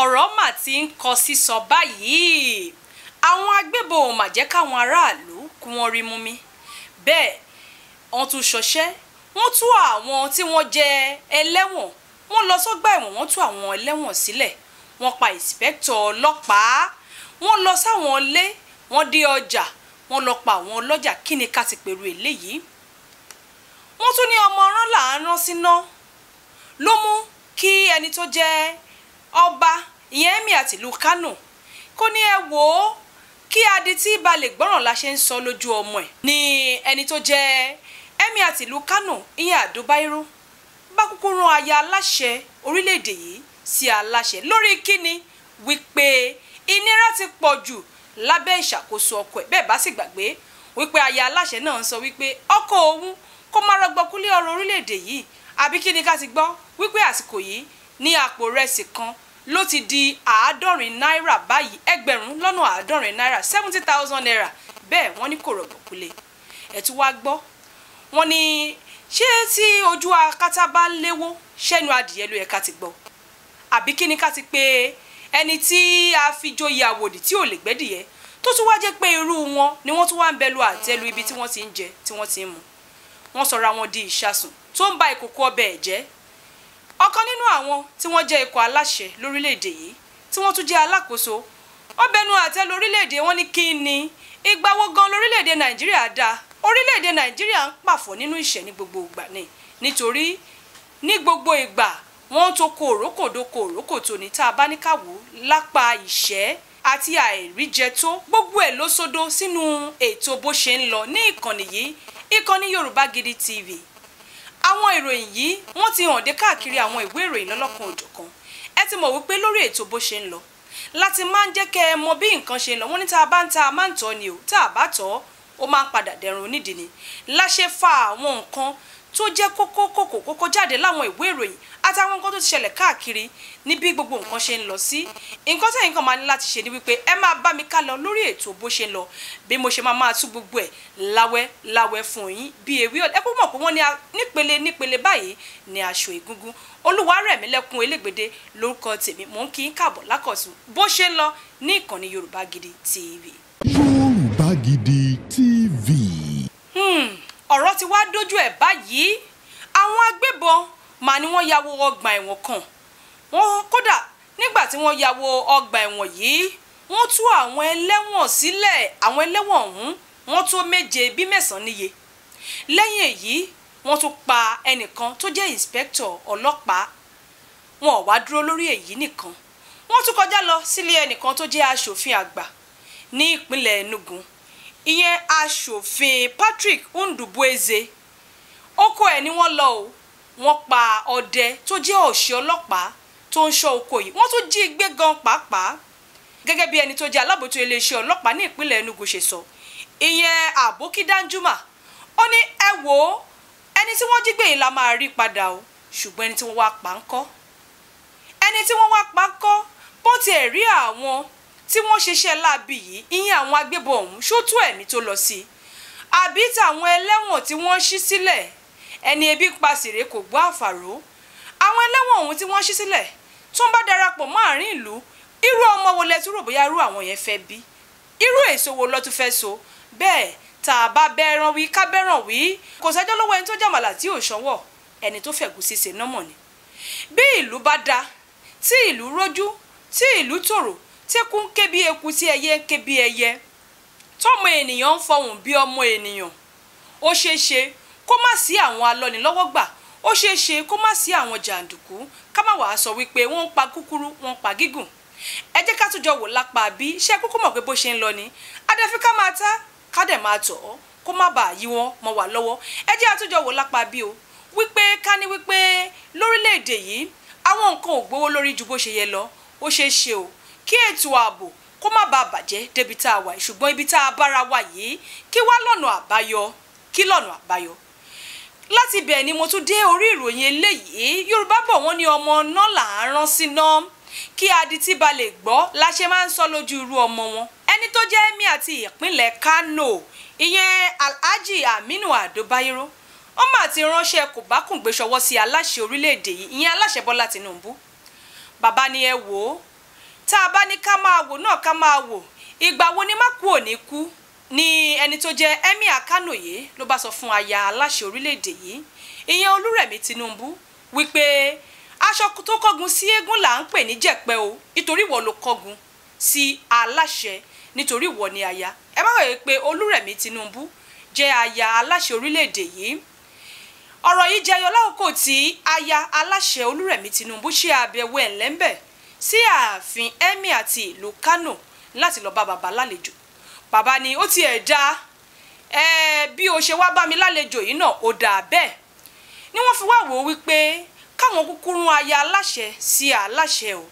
ọ̀rọ̀ mà ti ń kọ sísọ báyìí àwọn agbébọn ò mà jẹ́ káwọn aráàlú kú wọn rí mú mi bẹ́ẹ̀ wọ́n tún ṣọṣẹ́ wọ́n tú àwọn tí wọ́n jẹ́ ẹlẹ́wọ̀n wọ́n lọ sọ́gbà ẹ̀wọ̀n wọ́n tú àwọn ẹlẹ́wọ̀n sílẹ̀ wọ́n pa ìsìpẹ́kítọ̀ ọlọ́pàá wọ́n lọ sáwọn ilé wọ́n dé ọjà wọ́n lọ pa àwọn ọlọ́jà kí ni ká ti pèrò eléyìí wọ́n tún ní ọmọ ọ̀rán là síná ló mú kí ẹni tó jẹ́ ọba ìyẹn èmi àtìlú Kánò kó ní ẹ wò ó kí adití ba lè gbọ́ràn la ṣe ń sọ lójú ọmọ ẹ̀ ni ẹni tó jẹ́ èmi àtìlú Kánò ìyẹn àdóbáíró bá kúkú rán aya aláṣẹ orílẹ̀-èdè yìí sí aláṣẹ lórí kíni wípé ìnira ti pọ̀ jù lábẹ́ ìṣàkóso ọkọ ẹ̀ bẹ́ẹ̀ bá sì gbàgbé wípé aya aláṣẹ náà sọ wípé ọkọ òun kó má rọgbọkúlé ọ̀rọ̀ orílẹ̀-èdè yìí àbí kí ni ká ti gbọ́ wípé àsìkò yìí ní àpò rẹsì kan ló ti di àádọ́rin náírà báyìí ẹgbẹ̀rún lọ́nà àádọ́rin náírà seventy thousand naira bẹ́ẹ̀ wọ́n ní kò rọ̀bọ̀kú lé ẹ̀ tún wá gbọ́ wọ́n ní ṣé tí ojú akátá bá léwó ṣẹ́nu adìyẹ ló yẹ ká ti gbọ́ àbí kí ni ká ti pé ẹni tí a fi joyè àwòdì tí ò lè gbẹ́dìyẹ tó tún wá jẹ́ pé irú wọn ni wọ́n tún wá ń bẹ̀lú àtẹ́lu ibi tí wọ́n ti ń jẹ tí wọ́n ti ń mu wọ́n sọra wọn di ìṣàsùn tó ń ba ìkòkò ọbẹ̀ ẹ̀ jẹ́ ọ̀kan nínú àwọn tí wọ́n jẹ́ ikọ̀ aláṣẹ lórílẹ̀‐èdè yìí tí wọ́n tún jẹ́ alákòóso ó bẹnu àtẹ́ lórílẹ̀‐èdè wọn ní kí ni ìgbà wo gan lórílẹ̀‐èdè nàìjíríà dáa orílẹ̀‐èdè nàìjíríà ń pàfọ́ nínú ìṣẹ́ ní gbogbo ìgbà ni nítorí ní gbogbo ìgbà wọ́n tó kó òrókòdo kó òrókòtò ní tá a bá ní káwó lápá ìṣẹ́ àti àìríjẹtó gbogbo ẹ̀ ló sódó sínú ètò bó ṣe ń lọ ní ìkànnì yìí ìkànnì Yorùbá Gidi TV àwọn ìròyìn yìí wọ́n ti hànde káàkiri àwọn ìwé ìròyìn lọ́lọ́kan òjọ̀kan ẹ ti mọ̀ wípé lórí ètò bó ṣe ń lọ láti máa ń jẹ́ kẹ́ ẹ mọ bí nǹkan ṣe ń lọ wọ́n ní tá a bá ń ta a máa ń tọ́ ni o tá a bá tọ́ ó máa ń padà dẹ̀rùn onídìí láṣẹ fa àwọn nǹkan tó jẹ́ kókó kókó kókó jáde láwọn ìwé ìròyìn àtàwọn nǹkan tó ti ṣẹlẹ̀ káàkiri ní bí gbogbo nǹkan ṣe ń lọ sí nǹkan tẹ̀yìn kan máa ní láti ṣe ni wípé ẹ máa bá mi ká lọ lórí ètò bó ṣe lọ bí mo ṣe máa máa tú gbogbo ẹ̀ láwẹ́ láwẹ́ fún yín bí ewé ẹ kó mọ̀ pé wọ́n ní nípele nípele báyìí ní aṣọ ìgúngún Olúwarẹ̀mílẹ́kùn Elégbèdé lórúkọ tèmi mò ń kí n káàbọ̀ lákọ̀tún bó ṣe ń lọ ní ìkànnì Yorùbá Gidi TV. Yorùbá Gidi ọ̀rọ̀ ti wá dójú ẹ̀ báyìí àwọn agbébọn mà ni wọ́n ya wo ọgbà ẹ̀wọ̀n kan wọ́n kódà nígbà tí wọ́n ya wo ọgbà ẹ̀wọ̀n yìí wọ́n tú àwọn ẹlẹ́wọ̀n sílẹ̀ àwọn ẹlẹ́wọ̀n ọ̀hún wọ́n tó méje bí mẹ́sàn-án níye lẹ́yìn èyí wọ́n tún pa ẹnìkan tó jẹ́ inspector ọlọ́pàá wọn ò wá dúró lórí èyí nìkan wọ́n tún kọjá lọ sílé ẹnìkan tó jẹ́ aṣòfin àgbà ní ìpínlẹ̀ Enugu ìyẹn aṣòfin Patrick Ndubueze oko ẹ̀ ni wọ́n lọ o wọ́n pa ọdẹ tó jẹ́ ọ̀ṣẹ́ ọlọ́pàá tó ń ṣọ́ oko yìí wọ́n tún jí gbé gan pàápàá gẹ́gẹ́ bí ẹni tó jẹ́ alábòójútó iléeṣẹ́ ọlọ́pàá ní ìpínlẹ̀ Enugu ṣe sọ ìyẹn àbókí Danjuma ó ní ẹ wò ó ẹni tí wọ́n jí gbé yìí la máa rí padà o ṣùgbọ́n ẹni tí wọ́n wá pa ńkọ́ ẹni tí wọ́n wá pa ńkọ́ bó tiẹ̀ rí àwọn tí wọ́n ṣeṣẹ́ láabi yìí ìyẹn àwọn agbébọn ọ̀hún ṣó tó ẹ̀mí tó lọ sí i àbí tàwọn ẹlẹ́wọ̀n tí wọ́n ṣí sílẹ̀ ẹni ebi pa sèré kò gbọ́ àfàrò àwọn ẹlẹ́wọ̀n ọ̀hún tí wọ́n ṣí sílẹ̀ tó ń bá darapọ̀ mọ́ àárín ìlú irú ọmọ wo lẹ rò bóyá irú àwọn yẹn fẹ́ bí irú èso wo lọ́tún fẹ́ so bẹ́ẹ̀ tá a bá bẹ́ẹ̀ràn wí ká bẹ́ẹ̀ràn wí kò sẹ́jọ́ lọ́wọ́ ẹni tó jàmàlà tí ò ṣánwọ̀ ẹni tó fẹ̀gùn ṣiṣẹ́ náà mọ̀ ni bí ìlú bá da tí ìlú rójú tí ìlú tòrò tẹ́kùn ń ké bí eku tí ẹyẹ ń ké bí ẹyẹ tọ́mọ ènìyàn ń fọhùn bí ọmọ ènìyàn ó ṣeé ṣe kó má sí àwọn alọ́nilọ́wọ́gbà ó ṣeé ṣe kó má sí àwọn jàǹdùkú ká má wàá sọ wípé wọ́n ń pa kúkúrú wọ́n ń pa gígùn ẹ jẹ́ ká tún jọ wò lápá bí ṣé kúkú mọ̀ pé bó ṣe ń lọ ni adẹ́fi ká máa tá ká dẹ̀ máa tọ̀ ọ́ kó má bàa yí wọn mọ́ wà lọ́wọ́ ẹ jẹ́ àtúnjọ wò lápá bí o wípé ká ní wípé lórílẹ̀‐èdè yìí àwọn nǹkan ò gbówó lórí ju bó ṣe yẹ lọ ó ṣeé ṣe o kí ètò ààbò kó má bàa bàjẹ́ débi tá a wà yìí ṣùgbọ́n ibi tá a bára wà yìí kí wá lọ́nà àbáyọ kí lọ́nà àbáyọ láti bẹ̀ ni mo tún dé orí ìròyìn eléyìí yorùbá bọ̀ wọ́n ní ọmọ náà là ń rán sí náà kí adití ba lè gbọ́ la ṣe máa ń sọ lójú irú ọmọ wọn ẹni tó jẹ́ emir ti ìpínlẹ̀ kano ìyẹn alhaji aminu adobayero ọmọ àti ránṣẹ́ kò bá kùngbé ṣọwọ́ sí aláṣẹ orílẹ̀-èdè yìí ìyẹn aláṣẹ bọ́lá tinubu bàbá ni ẹ wò tá a bá ní ká máa wò náà ká máa wò ìgbà wo ni má kú òní kú ni ẹni tó jẹ emir Kano yìí ló bá sọ fún aya aláṣẹ orílẹ̀-èdè yìí ìyẹn Olúrẹ̀mí Tinubu wípé aṣọ tó kọgun sí eégún là ń pè ní jẹ̀pẹ́ o nítorí ìwọ ló kọgun sí aláṣẹ nítorí ìwọ ni aya ẹ bá wòye pé Olúrẹ̀mí Tinubu jẹ aya aláṣẹ orílẹ̀ yìí ọ̀rọ̀ yìí jẹyọ lákòókò tí aya aláṣẹ Olúrẹ̀mí Tinubu ṣe àbẹ̀wò ẹ̀lẹ́ńbẹ̀ sí ààfin emir ti ìlú Kano láti lọ bá bàbá lálejò bàbá ni ó tiẹ̀ já ẹ bí o ṣe wá bá mi lálejò yìí náà ó dà bẹ́ẹ̀ ni wọ́n fi wá wò ó wípé káwọn kúkú rún aya aláṣẹ sí aláṣẹ o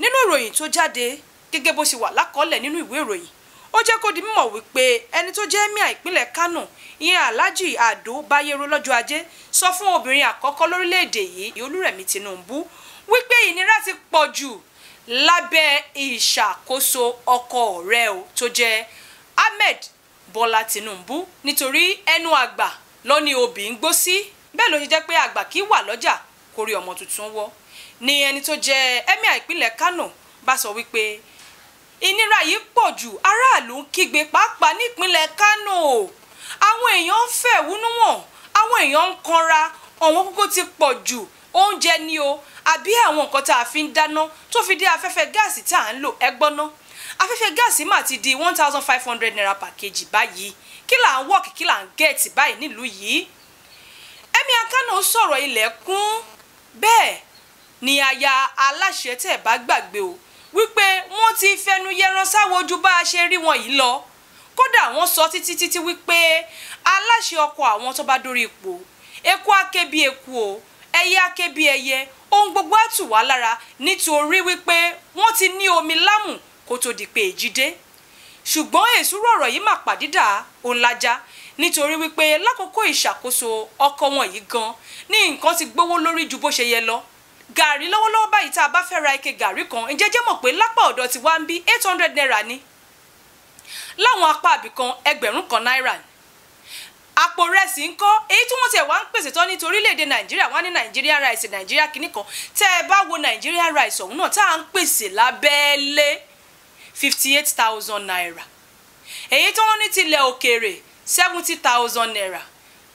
nínú ìròyìn tó jáde gẹ́gẹ́ bó ṣe wà lákọọ́lẹ̀ nínú ìwé ìròyìn ó jẹ́ kó di mímọ̀ wípé ẹni tó jẹ́ emir ìpínlẹ̀ Kano ìyẹn Alhaji Ado Bayero lọ́jọ́ ajé sọ fún obìnrin àkọ́kọ́ lórílẹ̀‐èdè yìí Olúrẹ̀mí Tinubu wípé ìnira ti pọ̀ jù lábẹ́ ìṣàkóso ọkọ rẹ̀ o tó jẹ́ Ahmed Bọ́lá Tinubu nítorí ẹnu àgbà lọ́ní obì ń gbó sí bẹ́ẹ̀ ló ṣe jẹ́ pé àgbà kì wà lọ́jà kó rí ọmọ tuntun wọ́ ni ẹni tó jẹ́ emir ìpínlẹ̀ Kano bá sọ wípé ìnira yìí pọ̀ jù aráàlú ń kígbe pàápàá nípínlẹ̀ Kano àwọn èèyàn ń fẹ̀hónú wọn àwọn èèyàn ń kanra ọ̀wọ́n gógó ti pọ̀ jù oúnjẹ ni o àbí àwọn nǹkan tá a fi ń dáná tó fi dé afẹ́fẹ́ gáàsì tá à ń lò ẹgbọ́n ná afẹ́fẹ́ gáàsì mà ti di one thousand five hundred naira per kg báyìí kí là ń wọ́ọ̀kì kí là ń gẹ̀ẹ́tì báyìí nílùú yìí ẹ̀mí akánà sọ̀rọ̀ ilẹ̀ bẹ́ẹ̀ ni aya aláṣẹ tẹ̀ bá gbàgbé o wípé wọ́n ti fẹnu yẹran sáwojú bá a ṣe rí wọn yìí lọ kódà wọ́n sọ títí títí wípé aláṣẹ ọkọ̀ àwọn tó bá dórí ipò eku akébí eku o ẹyẹ aké bí ẹyẹ ohun gbogbo á tù wá lára nítorí wípé wọ́n ti ní omi lámù kó tó di pé èjì dé ṣùgbọ́n èsúrò ọ̀rọ̀ yìí mà pàdídà òun lajá nítorí wípé lákòókò ìṣàkóso ọkọ wọn yìí gan ní nǹkan ti gbówó lórí ju bó ṣe yẹ lọ gàrí lọ́wọ́lọ́wọ́ báyìí tá a bá fẹ́ ra ike gàrí kan ǹjẹ́ jẹ́ mọ̀ pé lápá ọ̀dọ̀ ti wá ń bí eight hundred naira ni láwọn apá àbìkan ẹgbẹ̀rún kan náírà ni àpò rẹsì ń kọ́ èyí tí wọ́n ti wá ń pèsè tán nítorí orílẹ̀ nàìjíríà wọ́n ní nàìjíríà rice nàìjíríà kìíní kan tẹ́ ẹ bá wo nàìjíríà rice ọ̀hún náà tá à ń pèsè lábẹ́lé fifty eight thousand naira èyí tí wọ́n ní tilẹ̀ òkèèrè seventy thousand naira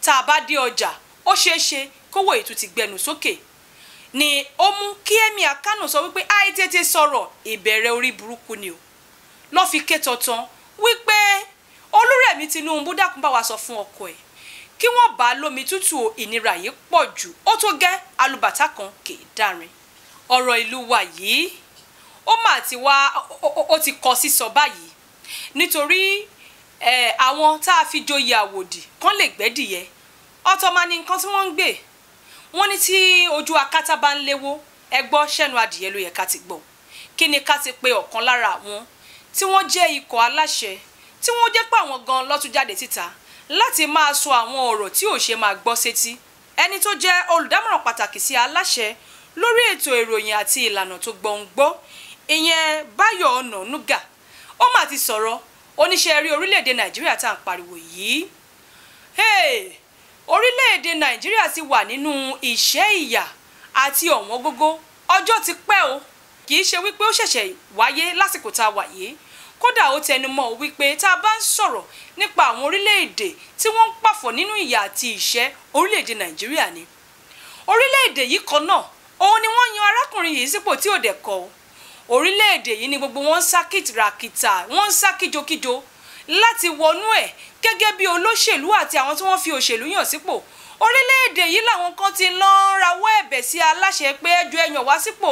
tá a bá dé ọjà ó ṣeé ṣe kówó ètò ti gbẹnu sókè ni ó mú kí Emir Kánò sọ wípé àìtètè sọ̀rọ̀ ìbẹ̀rẹ̀ orí burúkú ni o lọ́ fi ké tọ̀tàn wípé olúrẹ̀mí tinubu dákun bá wa sọ fún ọkọ ẹ̀ kí wọ́n bá lómi tútù ìnira yìí pọ̀ jù ó tó gẹ́ alùbàtà kan kì í dárin ọ̀rọ̀ ìlú wa yìí ó mà ti wá ó ti kọ sísọ báyìí nítorí àwọn tá a fi joyè àwòdì kán lè gbẹ́dìyẹ ọ̀tọ̀ máa nǹkan tí wọ́n ń gbé wọ́n ní tí ojú akátá bá ń léwó ẹgbọ́ sẹ́nu adìyẹ ló yẹ ká ti gbọ́ kí ni ká ti pe ọ̀kan lára àwọn tí wọ́n jẹ́ ikọ̀ aláṣẹ tí wọ́n jẹ́ pé àwọn gan ló tún jáde síta láti máa sọ àwọn ọ̀rọ̀ tí ò ṣe máa gbọ́ sétí ẹni tó jẹ́ olùdámọ̀ràn pàtàkì sí aláṣẹ lórí ètò ìròyìn àti ìlànà tó gbọ̀ngbọ́ ìyẹn Báyọ̀ Ọ̀nànúgà ó mà ti sọ̀rọ̀ oníṣẹ́ rí orílẹ̀ Nàìjíríà tá à ń pariwo yìí orílẹ̀ Nàìjíríà ti wà nínú ìṣẹ́ ìyà àti ọ̀wọ́n gógó ọjọ́ ti pẹ́ o kì í ṣe wípé ó ṣẹ̀ṣẹ̀ wáyé lásìkò tá a wà yìí kódà ó tẹnumọ́ wípé tá a bá ń sọ̀rọ̀ nípa àwọn orílẹ̀-èdè tí wọ́n ń pàfọ̀ nínú ìyà àti ìṣẹ́ orílẹ̀-èdè nàìjíríà ni orílẹ̀-èdè yìí kan náà òun ni wọ́n yan arákùnrin yìí sípò tí ò dẹ̀ kọ́ o orílẹ̀-èdè yìí ni gbogbo wọn ń sá kìtìràkìtà wọ́n ń sá kíjokíjo láti wọnú ẹ̀ gẹ́gẹ́ bí olóṣèlú àti àwọn tí wọ́n fi òṣèlú yàn sípò orílẹ̀-èdè yìí làwọn kan ti lọ ń rawọ́ ẹ̀bẹ̀ sí aláṣẹ pé ẹjọ́ ẹ̀yàn wá sípò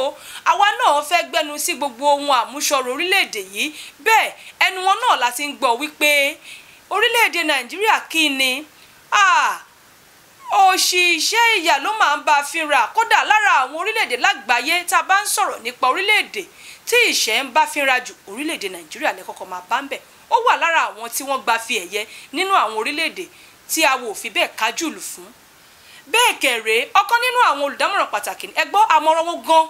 àwa náà fẹ́ gbẹnu sí gbogbo ohun àmúṣọrò orílẹ̀-èdè yìí bẹ́ẹ̀ ẹnu wọn náà la ti ń gbọ́ wípé orílẹ̀-èdè nàìjíríà kí ni òṣìṣẹ́ ìyà ló máa ń bá a fínra kódà lára àwọn orílẹ̀-èdè lágbàáyé tá a bá ń sọ̀rọ̀ nípa orílẹ̀-èdè tí ìṣẹ́ ń bá fínra jù orílẹ̀-èdè nàìjíríà lẹ́kọ̀ọ́kọ́ máa bá ń bẹ̀ ó wà lára àwọn tí wọ́n gba fi ẹ̀yẹ nínú àwọn orílẹ̀-èdè tí awo ò fi bẹ́ẹ̀ kájùlù fún bẹ́ẹ̀ kẹ̀rẹ́ ọ̀kan nínú àwọn olùdámọ̀ràn pàtàkì ẹ gbọ́ àmọ̀ràn wọn gan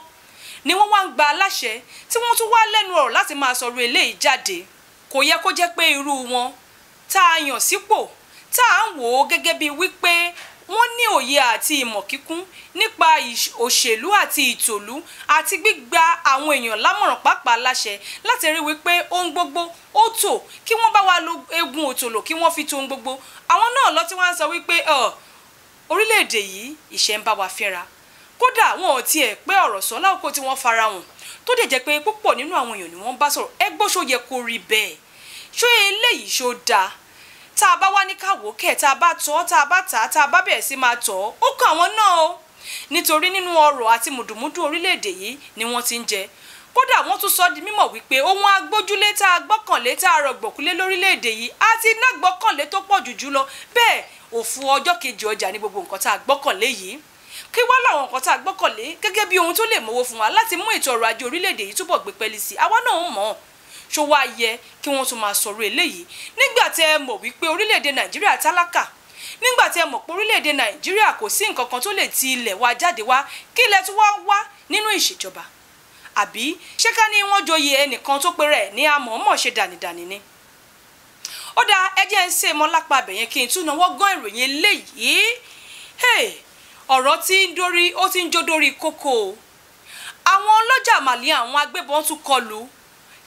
ni wọ́n wá ń gba aláṣẹ tí wọ́n tún wá lẹ́nu ọ̀rọ̀ láti máa sọ̀rọ̀ eléyìí jáde kò yẹ kó jẹ́ pé irú wọn tá a yàn sípò tá à ń wò ó gẹ́gẹ́ bíi wípé wọ́n ní òye àti ìmọ̀ kíkún nípa òṣèlú àti ìtòlú àti gbígba àwọn èèyàn lámọ̀ràn pàápàá láṣẹ láti rí wípé ohun gbogbo ó tò kí wọ́n bá wa lo egun òtòlò kí wọ́n fi to ohun gbogbo àwọn náà lọ tí wọ́n á sọ wípé orílẹ̀-èdè yìí ìṣẹ́ ń bá wa fẹ́ra kódà wọn ò tiẹ̀ pé ọ̀rọ̀ sọ láwùkọ tí wọ́n fara hàn tó dẹ̀ jẹ́ pé púpọ̀ nínú àwọn èèyàn ni wọ́n bá sọ̀rọ̀ ẹgbọ́n ṣó yẹ rí bẹ́ẹ̀ ṣó eléyìí ṣó dáa tá a bá wá ní kàwókẹ̀ tá a bá tọ́ tá a bá tà á tá a bá bẹ̀rẹ̀ sí máa tọ́ ó kàn àwọn náà o nítorí nínú ọrọ̀ àti mùdùmúdù orílẹ̀-èdè yìí ni wọ́n ti ń jẹ kódà wọ́n tún sọ di mímọ̀ wípé ohun agbójúlé tá a gbọ́kànlé tá a rọ̀gbọ̀kúlé lórílẹ̀-èdè yìí àti iná gbọ́kànlé tó pọ̀ jù jùlọ bẹ́ẹ̀ òfu ọjọ́ kejì ọjà ní gbogbo nǹkan tá a gbọ́kànlé yìí kí wá làwọn nǹkan tá a gbọ́kànlé gẹ́gẹ́ bí ohun tó lè mówó fún wa láti mú ètò ọrọ̀ ajé orílẹ̀-èdè yìí túbọ̀ gbé pẹ́lí sí àwa náà ń mọ̀ ọ́n ṣó wáá yẹ kí wọ́n tún máa sọ̀rọ̀ eléyìí nígbà tẹ́ ẹ mọ̀ wípé orílẹ̀-èdè nàìjíríà tálákà nígbà tí ẹ mọ̀ pé orílẹ̀-èdè nàìjíríà kò sí nǹkan kan tó lè ti ilẹ̀ wa jáde wá kí ilẹ̀ tí wọ́n wá nínú ìṣèjọba àbí ṣé ká ní wọ́n joyè ẹnìkan tó pé rẹ̀ ní amọ̀ọ́mọ̀ ṣe dànìdànì ni. ó dá ẹjẹ́ ń ṣe mọ́ lápá abẹ̀yẹn kí n tún náwó gán ìròyìn eléyìí ọ̀rọ̀ tí ń dorí ó ti ń jó dórí kókó àwọn ọlọ́jà màlí àwọn agbébọn tún kọlù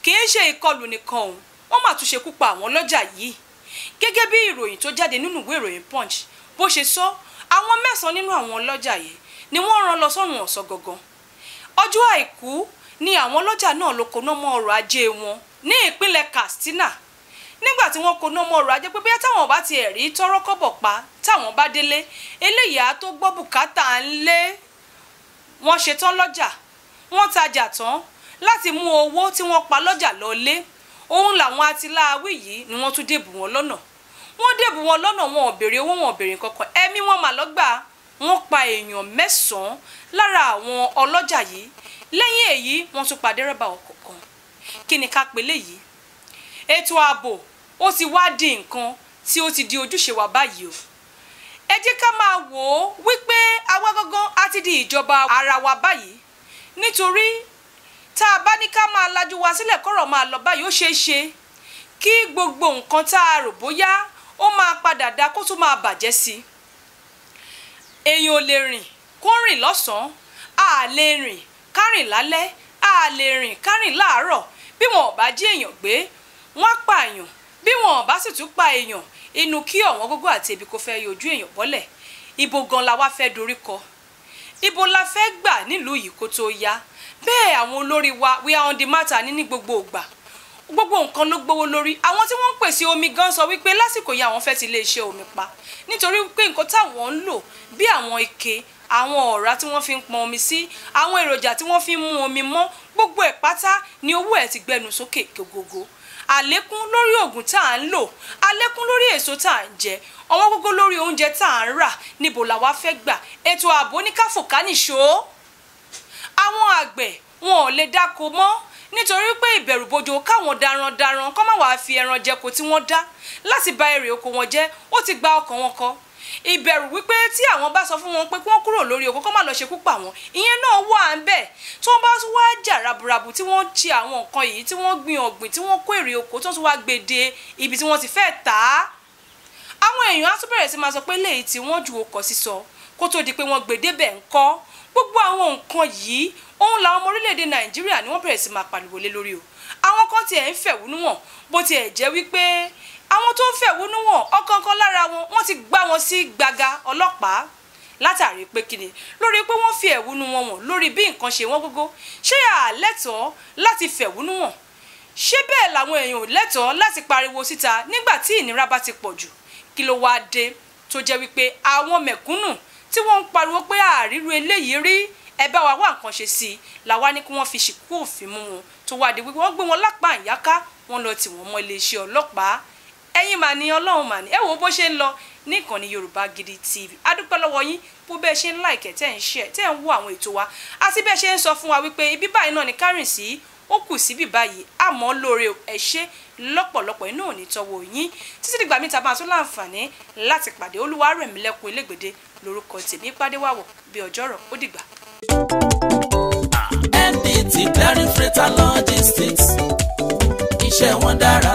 kì í ṣe ìkọlù nìkan o wọ́n mà tún ṣekú pa àwọn ọlọ́jà yìí gẹ́gẹ́ bí ìròyìn tó jáde nínú ìwé ìròyìn punch bó ṣe sọ àwọn mẹ́sàn-án nínú àwọn ọlọ́jà yìí ni wọ́n rán lọ sọ́run ọ̀sán gangan ọjọ́ àìkú ni àwọn ọlọ́jà náà ló koná mọ́ ọrọ̀ ajé wọn ní ìpínlẹ̀ katsina nígbà tí wọ́n koná mọ́ ọrọ̀ ajé pé bóyá táwọn bá tiẹ̀ rí tọ́rọ́ kọ́bọ̀ pa táwọn bá délé eléyìí á tó gbọ́ bùkátà ń lé wọ́n ṣetán lọ́jà wọ́n tajà tán láti mú owó tí wọ́n pa lọ́jà lọ lé òun làwọn atiláàwí yìí ni wọ́n tún dèbù wọn lọ́nà wọ́n dèbù wọn lọ́nà wọn ò béèrè owó wọn ò béèrè kankan ẹ̀mí wọn mà lọ́gbà wọ́n pa èèyàn mẹ́sàn-án lára àwọn ọlọ́jà yìí lẹ́yìn èyí wọ́n tún pa dẹ́rẹ́bà ọkọ̀ kan kí ni ká pè léyìí ètò ààbò ó ti wá di nǹkan tí ó ti di ojúṣe wa báyìí o ẹ jẹ́ ká máa wò ó wípé àwa á ti di ìjọba ara wa báyìí nítorí tá a bá ní ká máa lajú wa sílẹ̀ kọ́rọ̀ máa lọ báyìí ó ṣeé ṣe kí gbogbo nǹkan tá a rò bóyá ó máa padà da kó tún máa bàjẹ́ sí i èèyàn ò lè rìn kó rìn lọ́sàn-án a lè rìn ká rìn lálẹ́ a lè rìn ká rìn láàárọ̀ bí wọn ò bá jí èèyàn gbé wọn á pa èèyàn bí wọn ò bá sì tún pa èèyàn inú kí ọ̀wọ́n gógó àti ebi kò fẹ́ yọjú èèyàn bọ́lẹ̀ ibo gan la wá fẹ́ dorí kọ ibo la fẹ́ gbà nílùú yìí kó tó yá bẹ́ẹ̀ àwọn olórí wa we are on the matter níní gbogbo ògbà gbogbo nǹkan ló gbówó lórí àwọn tí wọ́n ń pèsè omi gan sọ wípé lásìkò yìí àwọn fẹ́ ti lè ṣe omi pa nítorí pé nǹkan táwọn ń lò bí àwọn ike àwọn ọ̀rá tí wọ́n fi ń pọn omi sí àwọn èròjà tí wọ́n fi ń mú omi mọ́ gbogbo ẹ̀ pátá ni owó ẹ̀ ti gbẹnu sókè gogogo àlékún lórí oògùn tá à ń lò àlékún lórí èso tá à ń jẹ ọwọ́ gógó lórí oúnjẹ tá à ń rà níbo làwa fẹ́ gbà ètò ààbò ní káfò ká nìṣó àwọn àgbẹ̀ wọn ò lè dáko mọ́ nítorí pé ìbẹ̀rùbojo káwọn darandaran kọ́ má wàá fi ẹran jẹko tí wọ́n dá láti bà èrè oko wọn jẹ́ ó ti gba ọkàn wọn kọ ìbẹ̀rù wípé tí àwọn bá sọ fún wọn pé kí wọ́n kúrò lórí oko kó má lọ ṣekú pa wọn ìyẹn náà wà ń bẹ̀ tí wọ́n bá tún wá jà raburabu tí wọ́n ṣe àwọn nǹkan yìí tí wọ́n gbin ọ̀gbìn tí wọ́n kó èrè oko tó tún wá gbèdé ibi tí wọ́n ti fẹ́ tà á àwọn èèyàn á tún bẹ̀rẹ̀ sí máa sọ pé léyìí tí wọ́n ju okọ̀ sísọ kó tó di pé wọ́n gbèdébẹ̀ ńkọ́ gbogbo àwọn nǹkan yìí òun làwọn ọmọ orílẹ̀-èdè nàìjíríà ni wọ́n bẹ̀rẹ̀ sí máa pariwo lé lórí o àwọn kan tiẹ̀ ń fẹ̀hónú wọn bó tiẹ̀ jẹ́ wípé àwọn tó ń fẹ̀hónú wọn ọ̀kọ̀ọ̀kan lára wọn wọ́n ti gbá wọn sí gbàgà ọlọ́pàá látàrí pé kíni lórí pé wọ́n fi ẹ̀hónú wọn wọn lórí bí nǹkan ṣe wọ́n gógó ṣé àlẹ́tọ̀ọ́ láti fẹ̀hónú wọn ṣé bẹ́ẹ̀ làwọn èèyàn ò lẹ́tọ̀ọ́ láti pariwo síta nígbà tí ìnira bá ti pọ̀ jù kí ló wáá dé tó jẹ́ wípé àwọn mẹ̀kúnnù tí wọ́n ń pariwo pé àríru eléyìí rí ẹ bá wa wá nǹkan ṣe sí i làwa ni kí wọ́n fi ṣìkú òfin mú wọn tó wá di wípé wọ́n gbé wọn lápá àyáká wọ́n lọ tì wọ́n mọ́ iléeṣẹ́ ọlọ́pàá ẹ̀yin mà ní ọlọ́run mà ní ẹ wò bó ṣe ń lọ ní ìkànnì yorùbá gidi tv adúpẹ́ lọ́wọ́ yín bó bẹ́ẹ̀ ṣe ń láìkẹ́ tẹ́ ń ṣe tẹ́ ń wo àwọn ètò wa àti bẹ́ẹ̀ ṣe ń sọ fún wa wípé ibi báyìí náà ni kárìn sí ó kù síbí báyìí àmọ́ lóore ẹ ṣé lọ́pọ̀lọpọ̀ inú òní tọwọ́ yín títí dìgbà mi ta máa tún láǹfààní láti pàdé Olúwarẹ̀mílẹ́kùn Elégbèdé lórúkọ tèmi Pàdéwàwọ̀ bí ọjọ́ rọ̀ ó dìgbà. md ah. ti clearing freighter logistics iṣẹ́ wọn dára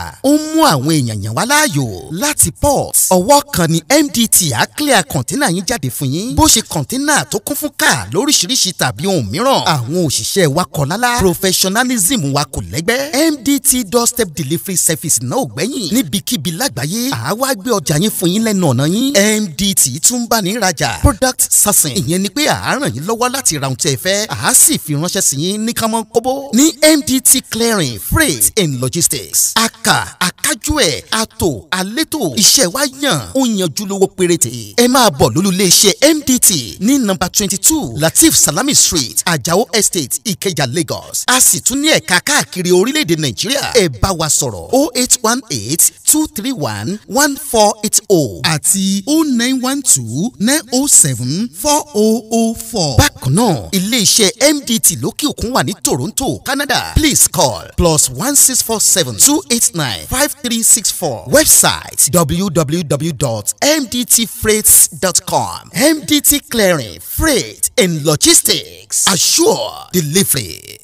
data ó ń mú àwọn èèyàn yàn wá láàyò láti port ọwọ́ kan ni MDT á clear kọ̀ǹtínà yín jáde fún yín bó ṣe kọ̀ǹtínà tó kún fún káà lóríṣiríṣi tàbí ohun mìíràn àwọn òṣìṣẹ́ wa kọ̀ lálá professionalism wa kò lẹ́gbẹ́ MDT doorstep delivery service náà ò gbẹ́yìn níbikíbi lágbàáyé àwa gbé ọjà yín fún yín lẹ́nu ọ̀nà yín MDT tún bá ní ìrajà product sourcing ìyẹn ni pé à á ràn yín lọ́wọ́ láti ra ohun tí ẹ fẹ́ à á sì fi ránṣẹ́ sí yín ní kánmọ́ kóbó ní MDT clearing freight and logistics aka kà akájú ẹ̀ àtò àlétò iṣẹ́ wa yàn ó yanjú lówó péréte ẹ máa bọ̀ lólulẹ̀ iṣẹ́ MDT ní nọ́mbà twenty two Latif Salami Street Ajao Estate Ikeja Lagos a sì tún ní ẹ̀ka káàkiri orílẹ̀-èdè Nàìjíríà ẹ bá wa sọ̀rọ̀ o oh eight one eight two three one one four eight O oh àti o oh nine one two nine o seven four o o four. bákan náà ilé-iṣẹ́ MDT lókè òkun wà ní Toronto Canada please call plus one six four seven two eight nine five three six four website www.mdtfreights.com MDT Clearing Freight and Logistics assure delivery.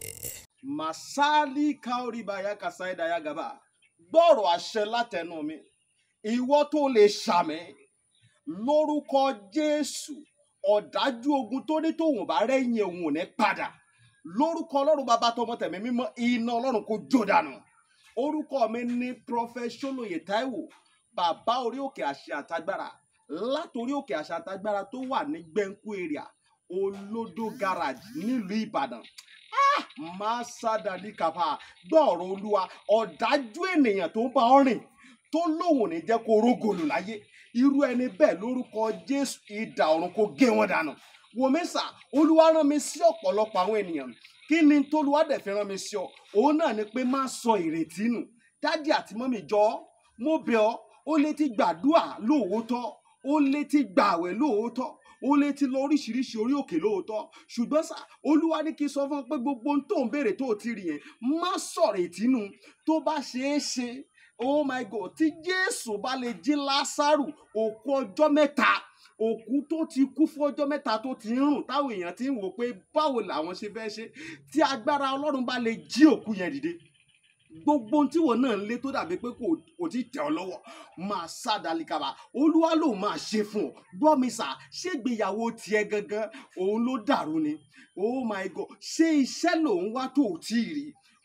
Masali Kaoribaya Kasaidaya Gaba gbọ́rọ̀ àṣẹ látẹnu mi ìwọ tó lè ṣàmì lórúkọ Jésù ọ̀dájú ogun tó ní tòun bá rẹ́yìn òun ò ní padà lórúkọ ọlọ́run bàbá tọmọ tẹ̀mí mímọ́ iná ọlọ́run kò jó dànù orúkọ mi ní prophet Ṣólóyè Táíwò bàbá orí òkè àṣẹ àtagbára látòrí òkè àṣẹ àtagbára tó wà ní gbẹ̀ǹkú area olódó garage nílùú Ìbàdàn ah, máa sádàdí kàfà gbọ́ọ̀rọ̀ olúwa ọ̀dájú ènìyàn tó ń bá ọ rìn tó lóun ò ní jẹ́ kó rógòlù láyé irú ẹni bẹ́ẹ̀ lórúkọ Jésù idà ọ̀run kó gé wọn dànù wòmísà olúwa rán mi sí ọ̀pọ̀lọpọ̀ àwọn ènìyàn kí ni tolúwa dẹ̀ fi rán mi sí ọ òun náà ni pé má sọ ìrètí nù dádì àti mọ́mì jọ ọ́ mo bẹ̀ ọ́ ó lè ti gbàdúà lóòótọ́ ó lè ti gbàwẹ̀ lóòótọ́ ó lè ti lọ oríṣiríṣi orí òkè lóòótọ́ ṣùgbọ́n sá olúwa ní kí n sọ fún ọ pé gbogbo ohun tó ń béèrè tó ti rí yẹn má sọ̀rọ̀ ìtínú tó bá ṣeé ṣe oh my god tí jésù bá lè jí lásàrù òkú ọjọ́ mẹ́ta òkú tó ti kú fọ́jọ́ mẹ́ta tó ti ń rùn táwọn èèyàn ti ń wò pé báwo làwọn ṣe fẹ́ ṣe tí agbára ọlọ́run bá lè jí òkú yẹn dìde gbogbo tí wọn náà ń lé tó dàbí pé kò tí tẹ̀ ọ́ lọ́wọ́ máa sá dalikaba olúwa ló máa ṣe fún ọ gbọ́ mi sà ṣègbéyàwó tiẹ̀ gangan òun ló dàrú ni oh my god ṣé iṣẹ́ lòun wá tó ò tí ì rí i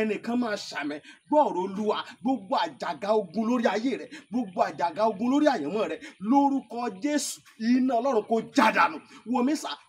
ẹnìkan máa ṣàmì gbọ́ọ̀rọ̀ olúwa gbogbo àjàgà ogun lórí ayé rẹ gbogbo àjàgà ogun lórí àyànmọ́ rẹ lórúkọ jésù iná ọlọ́run kò jádànù wọmísà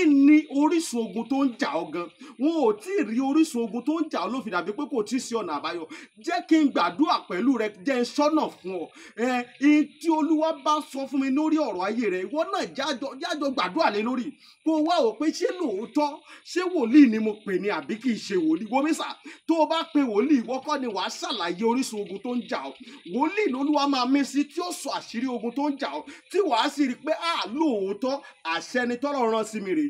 kí ni orísun ogun tó ń jà ọ gan wọn ò tí ì rí orísun ogun tó ń jà ọ ló fi dàbí pé kò tí ì sí ọ̀nà àbáyọ jẹ́ kí n gbàdúrà pẹ̀lú rẹ jẹ́ n sọ́nà fún ọ ẹ tí olúwa bá sọ fún mi lórí ọ̀rọ̀ ayé rẹ ìwọ náà jájọ jájọ gbàdúrà lé lórí kó wá o pé ṣé lóòótọ́ ṣé wòlíì ni mo pè ní àbí kì í ṣe wòlíì wọ́mísà tó o bá pe wòlíì ìwọ kọ́ ni wàá ṣàlàyé orísun ogun tó ń jà ọ wòlíì lolúwa máa mí sí tí ó sọ àṣírí ogun tó ń jà ọ tí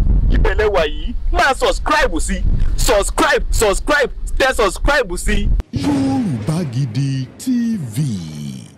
ìbẹ̀lẹ̀ wà máa subscribe sí subscribe subscribe tẹ subscribe sí. Yorùbá Gidi TV.